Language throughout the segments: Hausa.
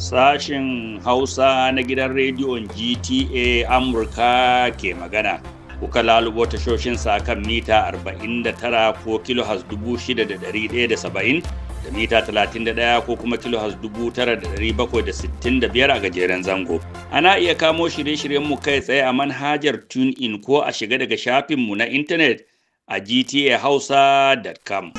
Sashen Hausa na gidan rediyon GTA Amurka ke magana. Kuka lalubo tashoshinsa kan mita 49 ko dubu 6,170 da mita 31 ko kuma da biyar a gajeren zango. Ana iya kamo shirye-shiryenmu kai tsaye a manhajar TuneIn ko a shiga daga shafinmu na intanet. a gtahausa.com.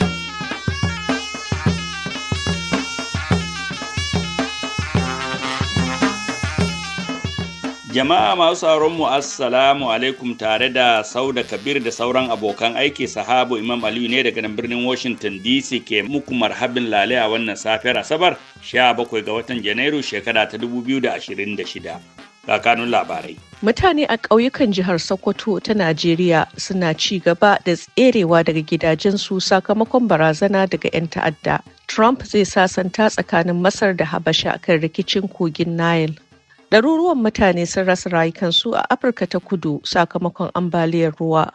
Jama'a masu mu assalamu alaikum tare da Sauda Kabir da sauran abokan aiki sahabu Imam Aliyu ne daga nan birnin Washington DC ke muku marhabin lale a wannan safiyar Asabar 17 ga watan Janairu shekara ta 2026. ga labarai. Mutane a ƙauyukan jihar Sokoto ta Najeriya suna ci gaba da tserewa daga gidajensu sakamakon barazana daga 'yan ta'adda. Trump zai sasanta tsakanin Masar da Habasha kan rikicin kogin Nile. Ɗaruruwan mutane sun rasa rayukansu a Afirka ta kudu sakamakon ambaliyar ruwa.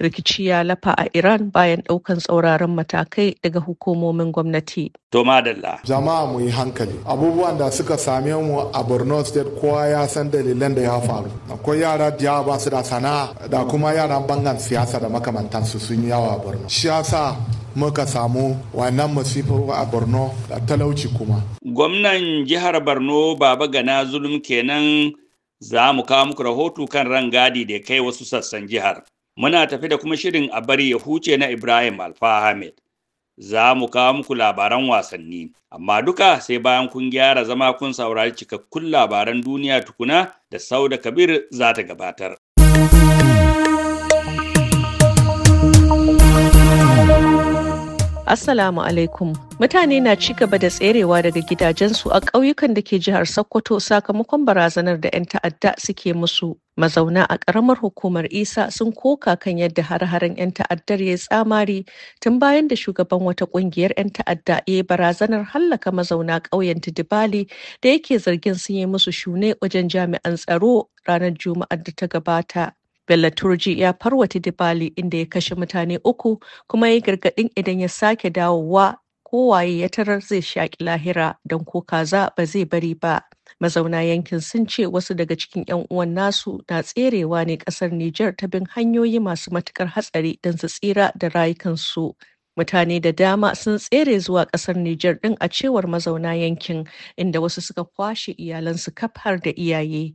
rikici ya lafa a Iran bayan ɗaukan tsauraran matakai daga hukumomin gwamnati. To madalla. Jama'a mu yi hankali. Abubuwan da suka same mu a Borno State kowa ya san dalilan da ya faru. Akwai yara da yawa ba su da sana'a da kuma yara bangan siyasa da makamantansu sun yawa a Borno. Shi muka samu wannan masifa a borno da talauci kuma. gwamnan jihar borno baba gana zulum kenan za mu kawo muku rahoto kan rangadi da kai wasu sassan jihar muna tafi da kuma shirin a bari ya huce na Ibrahim Alfa Za mu kawo muku labaran wasanni, amma duka sai bayan kun gyara zama kun saurari cikakkun labaran duniya tukuna da Sauda Kabir za ta gabatar. Assalamu alaikum. Mutane na ci gaba da tserewa daga gidajensu a ƙauyukan da ke jihar Sokoto sakamakon barazanar da 'yan ta'adda suke musu. Mazauna a ƙaramar hukumar Isa sun koka kan yadda har-haren 'yan ta'addar ya tsamari tun bayan da shugaban wata ƙungiyar 'yan ta'adda ya yi barazanar hallaka mazauna ƙauyen Tidibali da yake zargin sun yi musu shune wajen jami'an tsaro ranar Juma'ar da ta gabata. Bello Turji ya farwata Dibali inda ya kashe mutane uku kuma ya yi gargaɗin idan ya sake dawowa kowaye ya tarar zai shaƙi lahira don ko kaza ba zai bari ba. Mazauna yankin sun ce wasu daga cikin 'yan uwan nasu na tserewa ne ƙasar Nijar ta bin hanyoyi masu matukar hatsari don su tsira da rayukansu. mutane da dama sun tsere zuwa kasar Nijar din a cewar mazauna yankin inda wasu suka kwashe iyalansu kafar da iyaye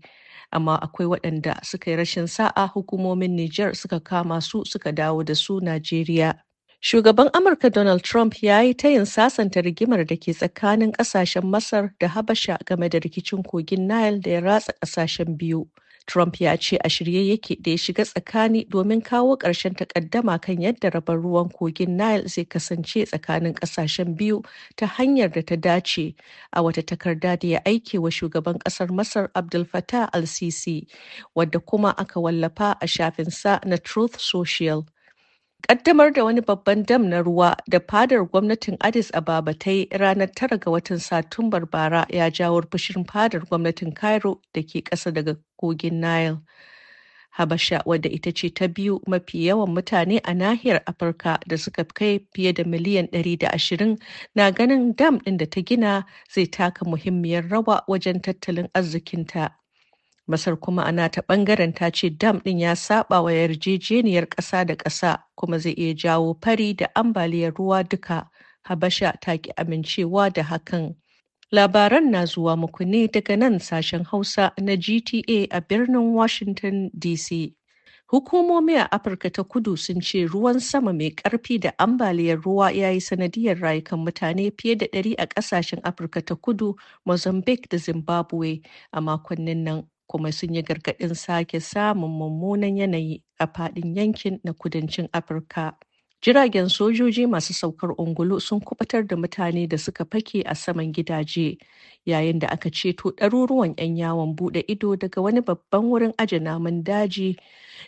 amma akwai waɗanda suka yi rashin sa'a hukumomin Nijar suka kama su suka dawo da su Najeriya. Shugaban Amurka Donald Trump ya yi tayin sasanta rigimar da ke tsakanin ƙasashen Masar da Habasha game da rikicin kogin Nile da ya ratsa ƙasashen biyu. Trump ya ce a shirye yake da ya shiga tsakani domin kawo ƙarshen takaddama kan yadda rabar ruwan kogin Nile zai kasance tsakanin ƙasashen biyu ta hanyar da ta dace a wata takarda da ya aike wa shugaban ƙasar Masar Abdul Fattah al-Sisi wadda kuma aka wallafa a shafin sa na Truth Social. kaddamar da wani babban dam na ruwa da fadar gwamnatin addis ababa ta yi ranar tara ga watan satumbar bara ya jawo fushin fadar gwamnatin cairo da ke ƙasa daga kogin Nile. Habasha wadda ita ce ta biyu mafi yawan mutane a nahiyar Afirka da suka kai fiye da miliyan 120 na ganin dam ɗin da ta gina zai taka muhimmiyar rawa wajen tattalin arzikinta. Masar kuma ana ta ɓangaren ta ce dam ɗin ya saba wa yarjejeniyar ƙasa da ƙasa kuma zai iya jawo fari da ambaliyar ruwa duka. Habasha ta ki amincewa da hakan. Labaran na zuwa muku ne daga nan sashen Hausa na GTA a birnin Washington DC. Hukumomi a Afirka ta kudu sun ce ruwan sama mai ƙarfi da ambaliyar ruwa ya yi sanadiyar rayukan mutane fiye da ɗari a ƙasashen Afirka ta kudu, Mozambique da Zimbabwe a makonnin nan. kuma sun yi gargaɗin sake samun mummunan yanayi a faɗin yankin na kudancin Afirka. Jiragen sojoji masu saukar ungulu sun kubatar da mutane da suka fake a saman gidaje, yayin da aka ceto ɗaruruwan 'yan yawon buɗe ido daga wani babban wurin aje namun daji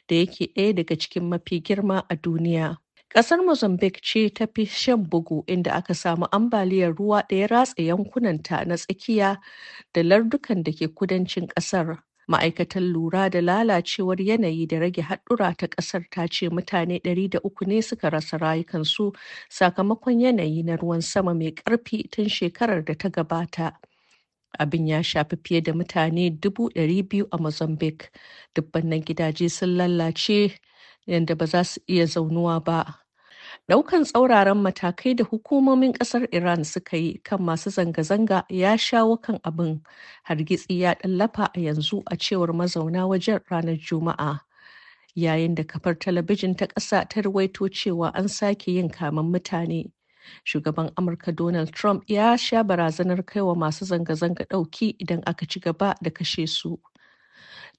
da yake ɗaya daga cikin mafi girma a duniya. Ƙasar Mozambique ce ta fi shan bugu inda aka samu ambaliyar ruwa da ya ratsa yankunanta na tsakiya da lardukan da ke kudancin ƙasar. Ma'aikatan lura da lalacewar yanayi da rage haɗura ta ƙasar ta ce mutane uku ne suka rasa rayukansu sakamakon yanayi na ruwan sama mai ƙarfi tun shekarar da ta gabata. abin ya shafi fiye da mutane biyu a mozambique Dubban gidaje sun lalace yadda ba za su iya zaunuwa ba Daukan tsauraran matakai da hukumomin kasar Iran suka yi kan masu zanga-zanga ya shawo kan abin hargitsi ya ɗallafa a yanzu a cewar mazauna wajen ranar Juma'a. Yayin da kafar talabijin ta ƙasa ta ruwaito cewa an sake yin kamen mutane. Shugaban Amurka Donald Trump ya sha barazanar kaiwa masu zanga-zanga ɗauki idan aka ci gaba da kashe su.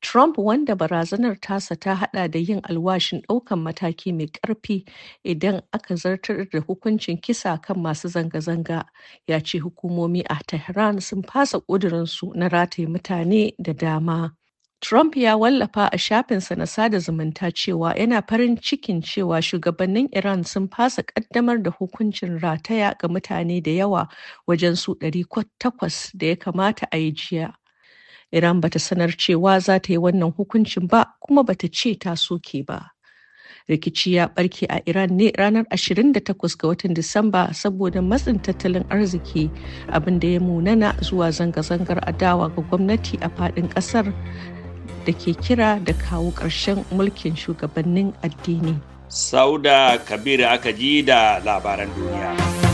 Trump wanda barazanar tasa ta hada da yin alwashin daukan mataki mai karfi idan aka zartar da hukuncin kisa kan masu zanga-zanga ya ce hukumomi a Tehran sun fasa su na rataye mutane da dama. Trump ya wallafa a shafinsa na sada zumunta cewa yana farin cikin cewa shugabannin Iran sun fasa kaddamar da hukuncin rataya ga mutane da yawa wajen su 800 da ya kamata a yi jiya. Iran bata sanar cewa za ta yi wannan hukuncin ba kuma bata ce ta soke ba. rikici ya barke a iran ne ranar 28 ga watan disamba saboda matsin tattalin arziki abinda ya munana zuwa zanga-zangar adawa ga gwamnati a fadin kasar da ke kira da kawo ƙarshen mulkin shugabannin addini sauda kabir aka ji da labaran duniya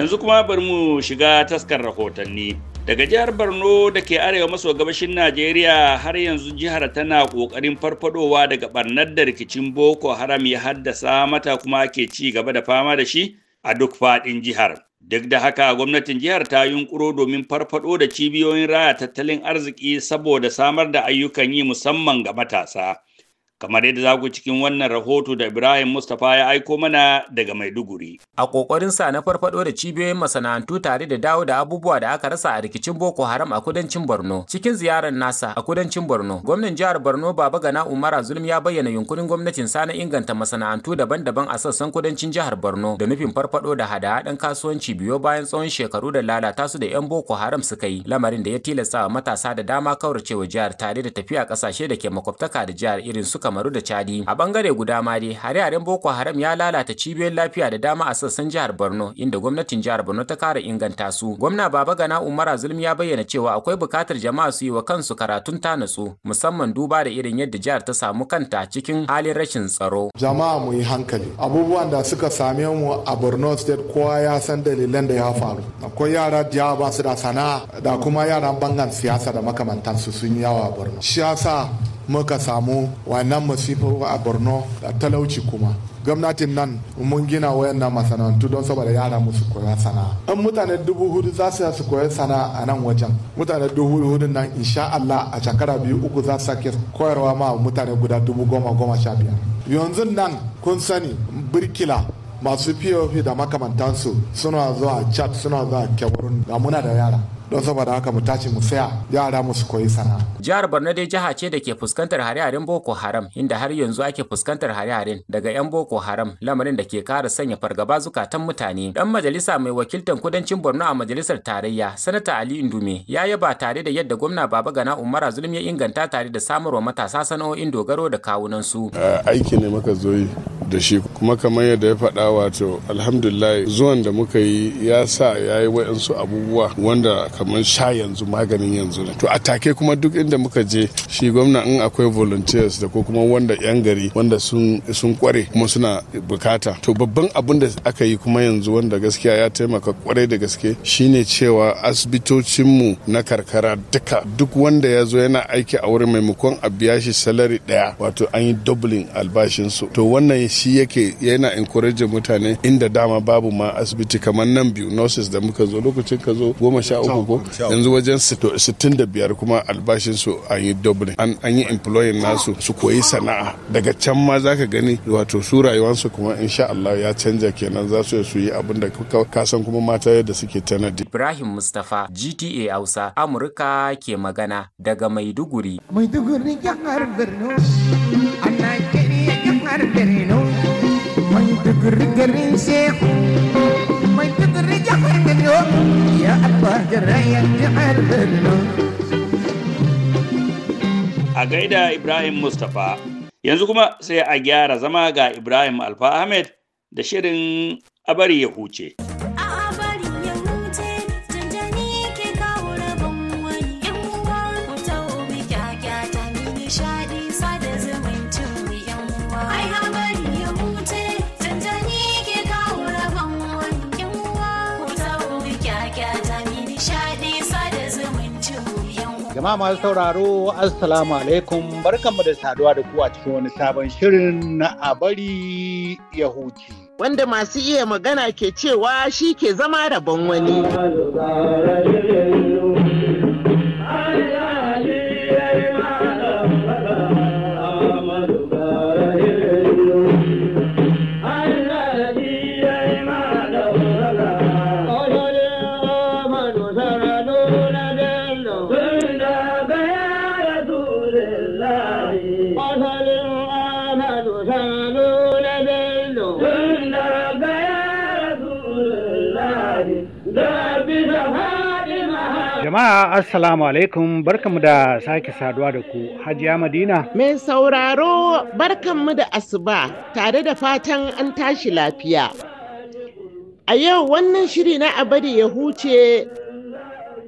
yanzu kuma bari mu shiga taskar rahotanni daga jihar borno da ke arewa maso gabashin najeriya har yanzu jihar tana kokarin farfadowa daga barnar da rikicin boko haram ya haddasa mata kuma ke ci gaba da fama da shi a duk faɗin jihar duk da haka gwamnatin jihar ta yunkuro domin farfado da cibiyoyin raya tattalin arziki saboda samar da ayyukan yi musamman ga matasa kamar yadda za cikin wannan rahoto da Ibrahim Mustapha ya aiko mana daga Maiduguri. A sa na farfado da cibiyoyin masana'antu tare da dawo da abubuwa da aka rasa a rikicin Boko Haram a kudancin Borno. Cikin ziyarar nasa a kudancin Borno, gwamnan jihar Borno Baba Gana Umar Zulum ya bayyana yunkurin gwamnatin sa na inganta masana'antu daban-daban a sassan kudancin jihar Borno da nufin farfado da hada-hadan kasuwanci biyo bayan tsawon shekaru da lalata su da 'yan Boko Haram suka yi, lamarin da ya tilasta wa matasa da dama kauracewa jihar tare da tafiya kasashe da ke makwabtaka da jihar irin suka kamaru da chadi a bangare guda ma dai hare-haren boko haram ya lalata cibiyoyin lafiya da dama a sassan jihar borno inda gwamnatin jihar borno ta kara inganta su gwamna baba gana umara Azulm ya bayyana cewa akwai bukatar jama'a su yi wa kansu karatun tanasu musamman duba da irin yadda jihar ta samu kanta cikin halin rashin tsaro jama'a mu yi hankali abubuwan da suka same mu a borno state kowa ya san dalilan da ya faru akwai yara da ba su da sana'a da kuma yaran bangan siyasa da makamantansu sun yawa a borno shi yasa muka samu wannan masifa a borno da talauci kuma gwamnatin nan mun gina wayannan masana'antu don saboda yara musu koya sana'a in mutane dubu hudu za su su koya sana'a a nan wajen mutane dubu hudu nan insha Allah a shekara biyu uku za su sake koyarwa ma mutane guda dubu goma goma sha biyar yanzu nan kun sani birkila masu pop da makamantansu suna zuwa chat suna zuwa kyawarun da muna da yara don saboda haka mu tashi mu tsaya yara mu su koyi sana'a. Jihar Borno dai jiha ce da ke fuskantar hare-haren Boko Haram inda har yanzu ake fuskantar hare-haren daga 'yan Boko Haram lamarin da ke kara sanya fargaba zukatan mutane. Dan majalisa mai wakiltar kudancin Borno a majalisar tarayya Sanata Ali Indume ya yaba tare da yadda gwamna Baba Gana Umar Zulum ya inganta tare da samarwa matasa sana'o'in dogaro da kawunan su. Aiki ne maka zo da shi kuma kamar yadda ya faɗa wato alhamdulillah zuwan da muka yi ya sa ya yi wa'yansu abubuwa wanda kamar sha yanzu maganin yanzu ne to a take kuma duk inda muka je shi gwamna in akwai volunteers da ko kuma wanda yan gari wanda sun sun kware kuma suna bukata to babban abin da aka yi kuma yanzu wanda gaskiya ya taimaka kwarai da gaske shine cewa asibitocinmu na karkara duka duk wanda ya zo yana aiki a wurin maimakon a biya shi salari daya wato an yi doubling albashinsu to wannan shi yake yana encourage mutane inda dama babu ma asibiti kamar nan biyu nurses da muka zo lokacin ka zo goma sha uku ko yanzu wajen sittin da biyar kuma albashin su an yi doubling an yi employing nasu su koyi sana'a daga can ma zaka gani wato su rayuwarsu kuma insha Allah ya canja kenan za su su yi abin da ka san kuma mata yadda suke tanadi Ibrahim Mustafa GTA Hausa Amurka ke magana daga Maiduguri Maiduguri jihar Borno mai digiri garin shehu mai digiri jihar Bello ya abba garayen jihar Bello. A gaida Ibrahim Mustapha yanzu kuma sai a gyara zama ga Ibrahim Alfa Ahmed da shirin a bari ya huce. Jama'a masu sauraro, Assalamu alaikum, barkanmu da saduwa da ku a cikin wani sabon shirin na a ya huce. Wanda masu iya magana ke cewa shi ke zama rabon wani. Jama'a Assalamu alaikum barkanmu da sake saduwa da ku Hajiya Madina. Mai sauraro barkanmu da asuba tare da fatan an tashi lafiya. A yau wannan shiri na abadi ya huce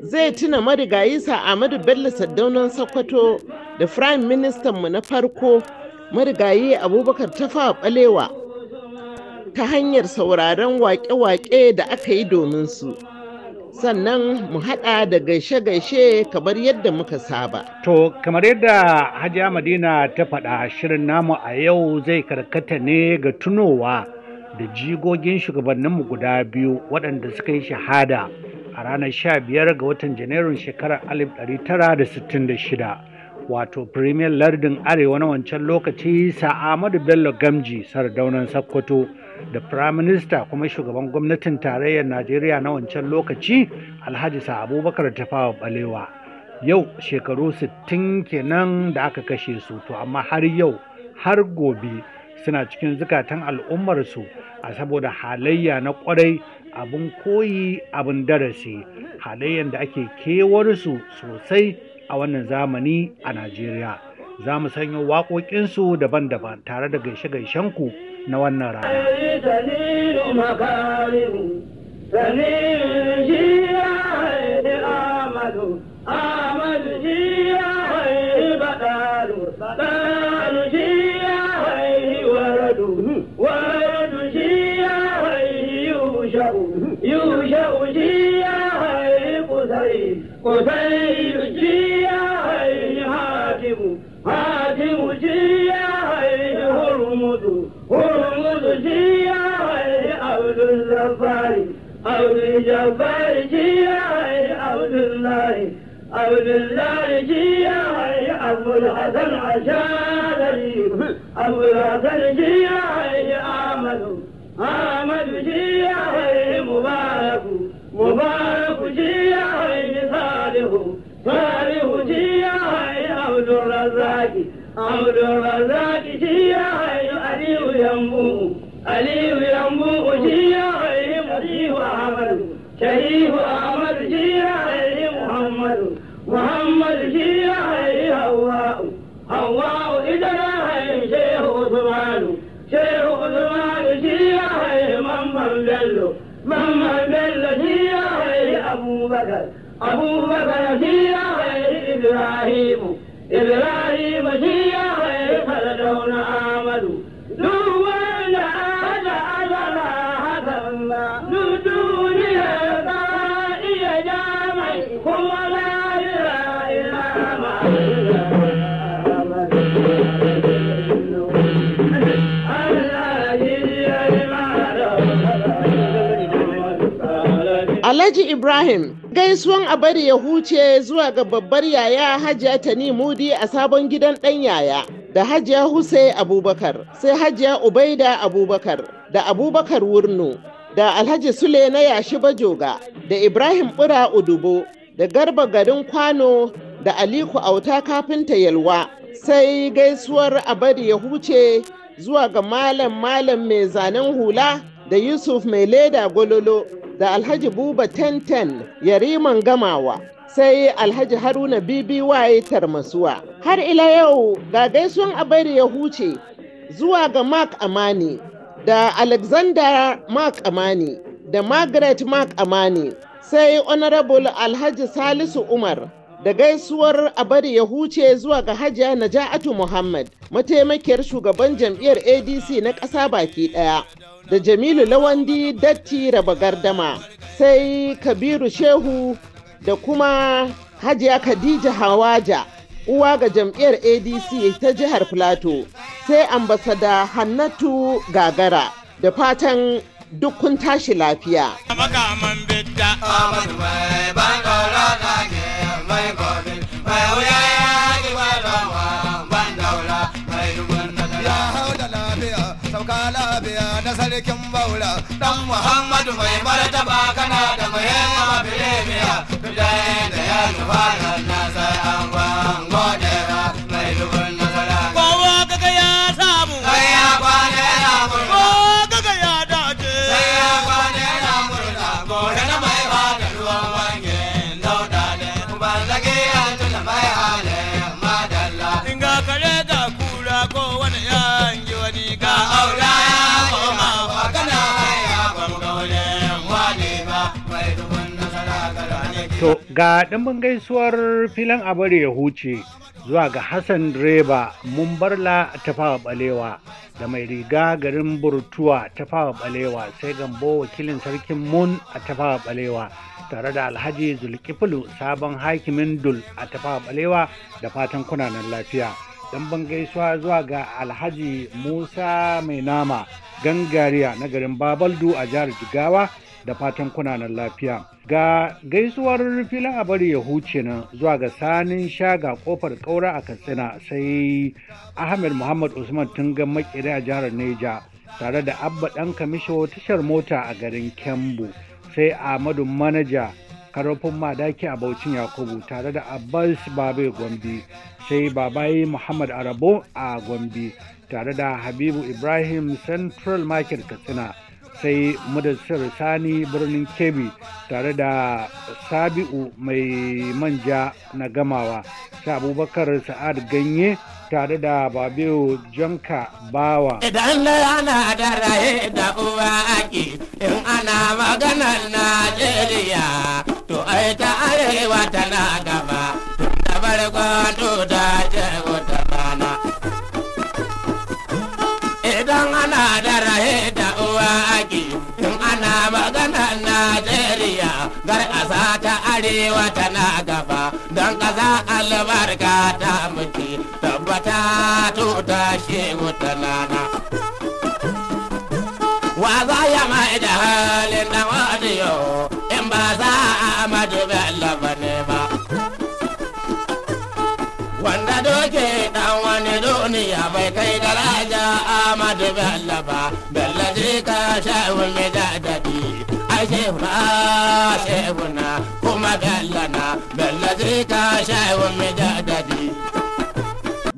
zai tuna marigayi sa Ahmadu Bello Saddaunan Sokoto da Firayim mu na farko marigayi Abubakar Tafawa Balewa ta hanyar sauraron wake-wake da aka yi domin su. sannan mu haɗa da gaishe-gaishe kamar yadda muka saba. To, kamar yadda Hajiya Madina ta faɗa shirin namu a yau zai karkata ne ga tunowa da jigogin shugabanninmu guda biyu waɗanda suka yi shahada a ranar 15 ga watan Janairun shekarar 1966. wato premier lardin arewa na wancan lokaci sa'amadu bello gamji sardaunan sakkwato da Prime Minister kuma shugaban gwamnatin tarayyar Najeriya na wancan lokaci Alhaji Abubakar Tafawa Balewa. Yau shekaru 60 kenan da aka kashe su to amma har yau har gobe suna cikin zukatan al'ummarsu a saboda halayya na kwarai abin koyi abin darasi halayyar da ake kewarsu sosai a wannan zamani a Najeriya. Za mu sanyo waƙoƙinsu daban-daban tare da gaishe-gaishenku na wannan rana. او للجبار جياي او لله او لله جياي ابو الحسن عشاري ابو الحسن جياي امل امل جياي مبارك مبارك جياي صالح صالح جياي عبد الرزاق عبد الرزاق جياي علي ينبوء علي ينبوء جياي أحمد شريف أحمد جيراني محمد محمد جيراني هواء هواء إدراهيم شيخ عثمان شيخ عثمان جيراني محمد بلو محمد بلو جيراني أبو بكر أبو بكر جيراني إبراهيم إبراهيم جيراني فلدون آمدوا Alhaji Ibrahim gaisuwan a bari ya huce zuwa ga babbar yaya Hajiya Tani Mudi a sabon gidan ɗan yaya da Hajiya Husai Abubakar sai Hajiya Ubaida Abubakar da Abubakar Wurnu da Alhaji Sule na yashi Bajoga da Ibrahim Bura Udubo da Garba Garin Kwano da Aliku Auta Kafinta Yalwa sai gaisuwar a bari ya huce zuwa ga malam malam mai zanen hula da Yusuf mai leda gololo da Alhaji Buba Tenten Yariman Gamawa. sai alhaji haruna waye tarmasuwa har ila yau ga gaisuwan abari ya huce zuwa ga mark amani da alexander mark amani da margaret mark amani sai honorable alhaji salisu umar da gaisuwar abari ya huce zuwa ga hajiya naja'atu muhammad mataimakiyar shugaban jam'iyyar adc na ƙasa baki ɗaya da Jamilu Lawandi Datti Raba Gardama sai Kabiru Shehu da kuma Hajiya Khadija Hawaja uwa ga jam'iyyar ADC ta jihar Filato sai ambasada Hannatu Gagara da fatan duk kun tashi lafiya. mai maula dan muhammadu mai martaba kana da muhimmin bilimiya duk da ya nufa nan sai an ga ɗimbin gaisuwar filin abari ya huce zuwa ga hassan direba mumbarla ta fawa balewa da mai riga garin burtuwa ta fawa balewa sai gambo wakilin sarkin mun a ta fawa balewa tare da alhaji zulkifilu sabon hakimin dul a ta fawa balewa da fatan kunanan lafiya ɗimbin gaisuwa zuwa ga alhaji musa mai nama gangariya na garin babaldu a jihar jigawa da fatan kunanan lafiya. Ga gaisuwar filin a bari ya huce nan zuwa ga sanin shaga kofar kaura a Katsina sai Ahmed Muhammad Usman tun ga makere a jihar Neja tare da Abba ɗan kamisho tashar mota a garin Kembu sai Ahmadu Manaja karofin madaki a Baucin Yakubu tare da Abbas Babe Gombe sai Babai Muhammad Arabo a Gombe tare da Habibu Ibrahim Central Market Katsina. sai mudasar sani birnin kebbi tare da sabi'u mai manja na gamawa sai abubakar sa'ad ganye tare da babiru janka bawa idan da yana da raye da uwa aki in ana maganar najeriya to ai ta arewa tana gaba tun da farko da jagota arewa tana gaba don kaza albarka ta mutu tabbata tuta shi nana. wa za ya mai da halin da yau in ba za a amadu bello ba ne ba wanda doke dan wani duniya bai kai daraja amadu bello ba bello ji ka sha'u mai dadadi ai shehu na ko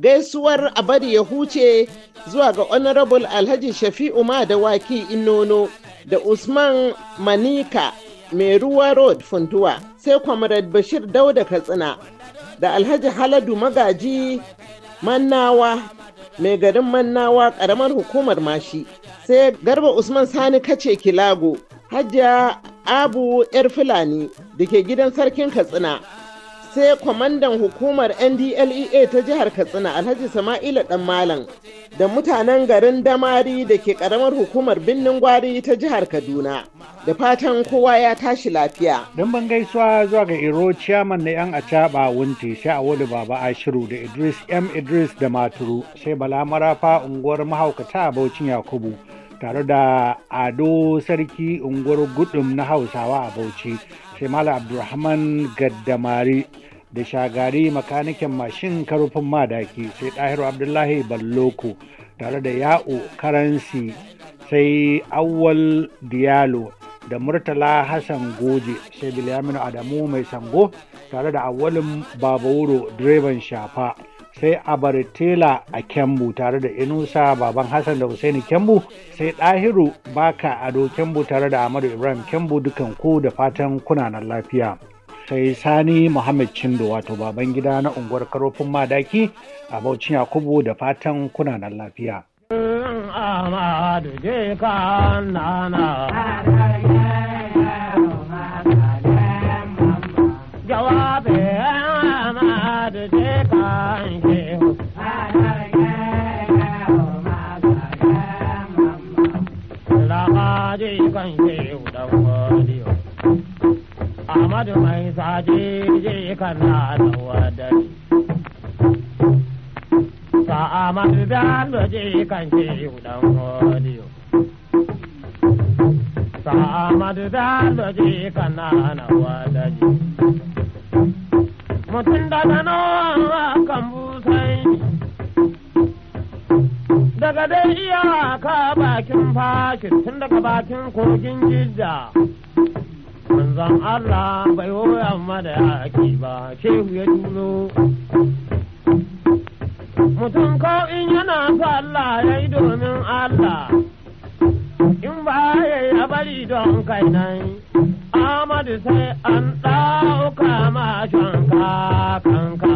gaisuwar a ya huce zuwa ga honorable alhaji shafi'u ma waki inono da usman manika mai ruwa road funtuwa sai comrade bashir dauda katsina da alhaji haladu magaji mannawa mai garin mannawa ƙaramar hukumar mashi sai garba usman sani kace kilago hajja abu yar fulani da ke gidan sarkin katsina sai kwamandan hukumar ndlea ta jihar katsina alhaji sama'ila dan malam da mutanen garin damari da ke karamar hukumar birnin gwari ta jihar kaduna da fatan kowa ya tashi lafiya don ban gaisuwa zuwa ga iro ciyaman na yan acaba wunti sai a wani baba ashiru da idris m idris da maturu sai bala marafa unguwar mahaukata a yakubu tare da ado sarki unguwar gudun na hausawa a bauchi sai mala abdulrahman gaddamari da shagari makanikin mashin karfin madaki sai ɗahiru abdullahi balloko tare da Ya'o karansi sai awwal diallo da murtala hassan goje sai bilyaminu adamu mai sango tare da awwalin babawuro direban shafa sai a tela a kyambu tare da inusa baban hassan da hussaini kyambu sai ɗahiru baka ado kyambu tare da amadu ibrahim kyambu dukan ku da fatan kunanan lafiya sai sani muhammad chindo wato baban gida na unguwar karofin madaki a baucin yakubu da fatan kunanan lafiya kan shehu dan godiyo Ahmadu mai saje je kana da wadari Sa Ahmadu da je kan shehu dan godiyo Sa Ahmadu da je kana da wadari Mutum daga nawa kan busai daga dai ka. bakin fashi tun daga bakin kogin jidda manzan Allah bai woya da yaki ba shehu ya tuno mutum ko in yana so Allah ya yi domin Allah in ba ya yi bari don kai nan Amadu sai an ɗauka ma shanka kanka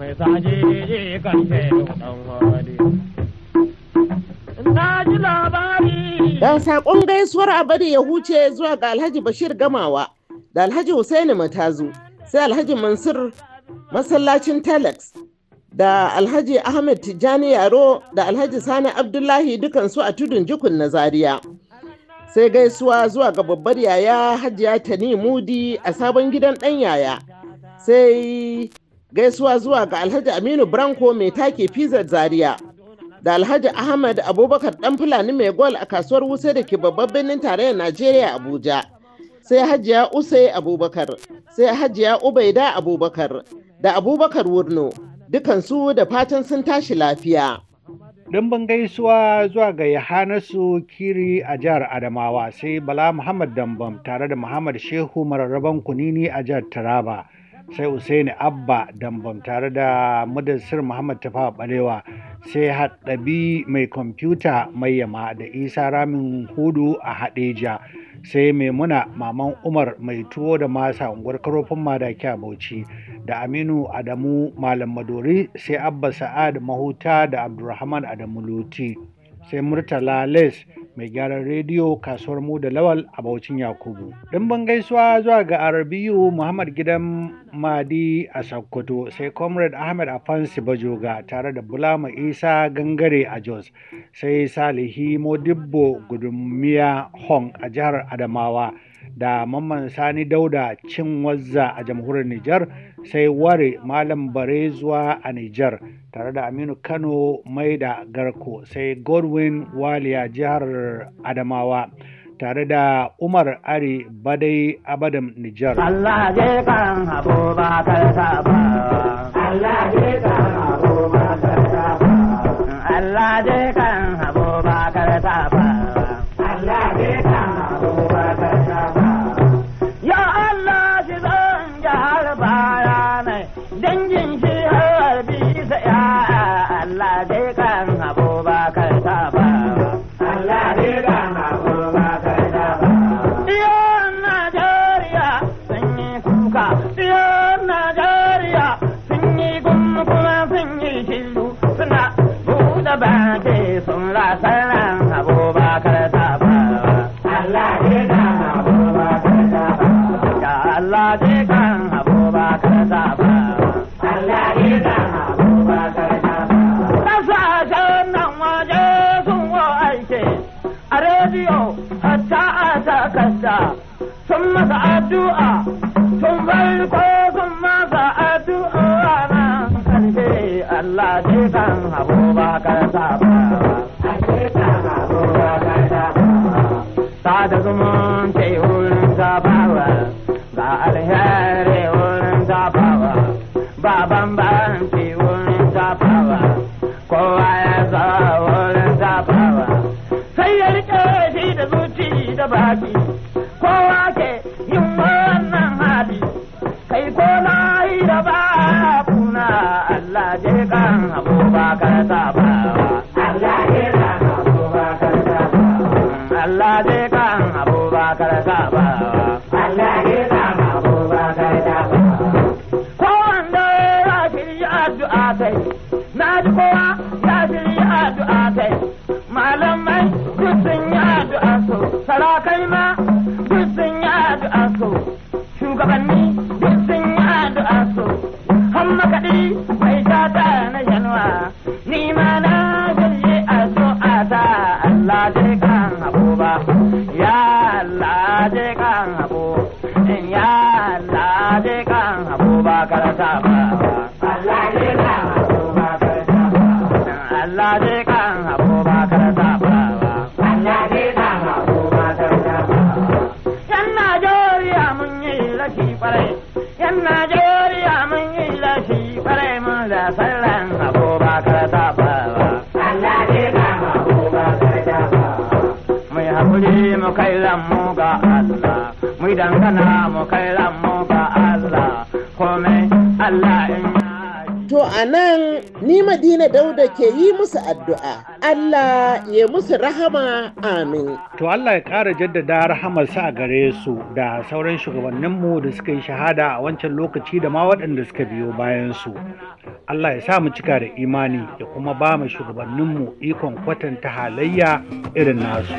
mai saje kan ce dan saƙon gaisuwar abadi ya huce zuwa ga Alhaji Bashir Gamawa da Alhaji Hussaini Matazu sai Alhaji Mansur masallacin Telex da Alhaji Ahmed Tijjani Yaro da Alhaji Sani Abdullahi dukansu a tudun jikun na Zaria. Sai gaisuwa zuwa ga babbar yaya Hajiya Tani Mudi a sabon gidan ɗan yaya. Sai gaisuwa zuwa ga alhaji aminu branko mai take fizar zaria da alhaji ahmad abubakar dan fulani mai gol a kasuwar wusa da ke babban birnin tarayyar najeriya abuja sai hajiya usai abubakar sai hajiya ubaida abubakar da abubakar wurno dukansu da fatan sun tashi lafiya Dumbin gaisuwa zuwa ga Yahanasu Kiri a jihar Adamawa sai Bala Muhammad Dambam tare da Muhammad Shehu mararraban kunini a jihar Taraba sai Usaini Abba Dambam tare da madasir Muhammad Tafawa Balewa sai haɗabi mai kwamfuta mai yama da Isa Ramin Hudu a Hadeja sai Maimuna Maman Umar mai tuwo da masa unguwar karofin madaki a Bauchi da Aminu Adamu Malam Madori sai Abba Sa'ad Mahuta da Abdulrahman Adamu Luti sai Murtala Les mai gyaran rediyo kasuwar mu da lawal a Bauchin Yakubu. Ɗimban gaisuwa zuwa ga Arabiyu Muhammad Gidan Madi a Sokoto sai Comrade Ahmed Afansi Bajoga tare da Bulama Isa Gangare a Jos sai Salihi Modibbo Gudummiya Hong a jihar Adamawa. da mamman sani dauda cin wazza a jamhuriyar Nijar sai ware malam bare zuwa a Nijar tare da Aminu Kano mai da garko sai Godwin Waliya jihar Adamawa tare da Umar Ari Badai Abadam Nijar. Allah je kan Allah je kan Allah kan kan abubakar sabawa. Hakika abubakar sabawa. Sada zumunci kai mu ga Allah mu dangana mu kai mu ga Allah komai Allah in To a nan ni Madina Dauda ke yi musu addu'a, Allah ya musu rahama amin. To Allah ya ƙara jaddada rahamar a gare su da sauran shugabanninmu da suka yi shahada a wancan lokaci da ma waɗanda suka biyo bayan su. Allah ya sa mu cika da imani ya kuma ba mu shugabanninmu ikon kwatanta halayya irin nasu.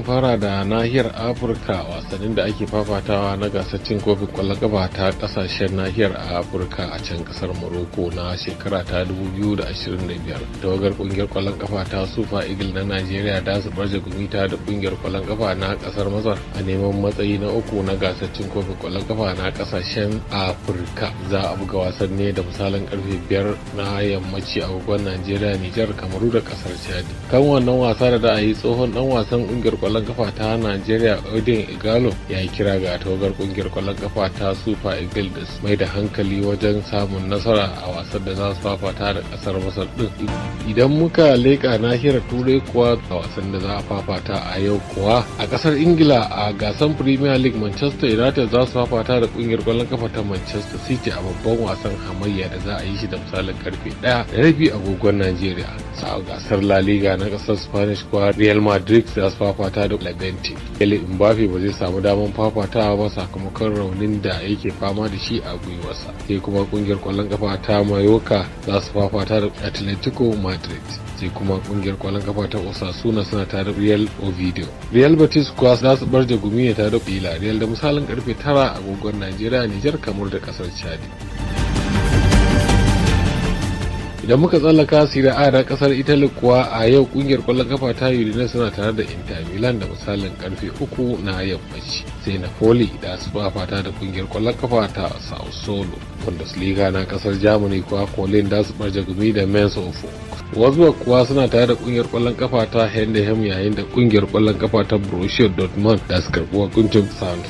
mu fara da nahiyar Afirka wasannin da ake fafatawa na gasar cin kofin kwallon kafa ta kasashen nahiyar Afirka a can kasar Morocco na shekara ta 2025. Tawagar kungiyar kwallon kafa ta Sufa Eagle na nigeria da su gumi gumita da kungiyar kwallon kafa na kasar Masar a neman matsayi na uku na gasar cin kofin kwallon kafa na kasashen Afirka. Za a buga wasan ne da misalin karfe 5 na yammaci a Najeriya, Nijar, Kamaru da kasar Chad. Kan wannan wasa da da a yi tsohon dan wasan kungiyar kwallon kafa ta Najeriya Odin Igalo ya yi kira ga tawagar kungiyar kwallon kafa ta Super Eagles da mai da hankali wajen samun nasara a wasan da za su fafata da kasar Masar din. Idan muka leka nahiyar Turai kuwa a wasan da za a fafata a yau kuwa a kasar Ingila a gasar Premier League Manchester United za su fafata da kungiyar kwallon kafa ta Manchester City a babban wasan hamayya da za a yi shi da misalin karfe 1 da rabi agogon Najeriya. a gasar La Liga na kasar Spanish kuwa Real Madrid za su fafata da Levante. Ele Mbappe ba zai samu damar fafatawa ba sakamakon raunin da yake fama da shi a gwiwarsa. Sai kuma kungiyar kwallon kafa ta Mayoka za su fafata da Atletico Madrid. sai kuma kungiyar kwallon kafa ta Osasuna suna tare Real Ovidio. Real Betis kuwa za su bar da gumi ya tare Villarreal da misalin karfe tara agogon Najeriya niger kamar da kasar Chad. da muka tsallaka sira a na kasar italy kuwa a yau kungiyar kwallon kafa ta udine suna tare da inter milan da misalin karfe uku na yammaci sai napoli da su fata da kungiyar kwallon kafa ta sao solo bundesliga na kasar germany kuwa colin da su barja gumi da of Wolfsburg kuwa suna tare da kungiyar kwallon kafa ta Hendehem yayin da kungiyar kwallon kafa ta Borussia Dortmund da su karbi hukuncin St.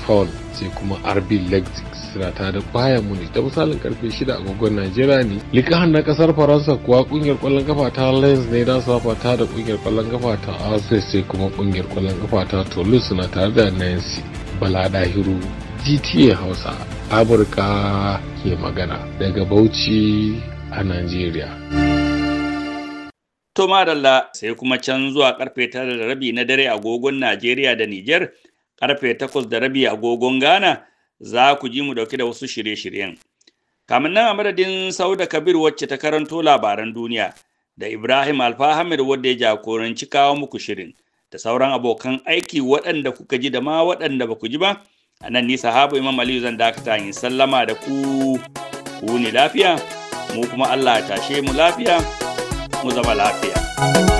sai kuma RB Leipzig suna ta da bayan muni ta misalin karfe shida agogon najeriya ne likahan na kasar faransa kuwa kungiyar kwallon kafa ta lens ne da su ta da kungiyar kwallon kafa ta arsenal sai kuma kungiyar kwallon kafa ta toulouse suna tare da nancy bala dahiru gta hausa amurka ke magana daga bauchi a najeriya To madalla sai kuma can zuwa karfe tara da rabi na dare agogon Najeriya da nijer karfe takwas da rabi agogon Ghana za ku ji mu dauke da wasu shirye-shiryen. Kamin nan a madadin Sauda Kabir wacce ta karanto labaran duniya da Ibrahim Alfahamir wadda ya jagoranci kawo muku shirin da sauran abokan aiki waɗanda kuka ji da ma waɗanda ba ku ji ba. A nan ni sahabu Imam Aliyu zan dakata in sallama da ku ku ne lafiya mu kuma Allah ya tashe mu lafiya mu zama lafiya.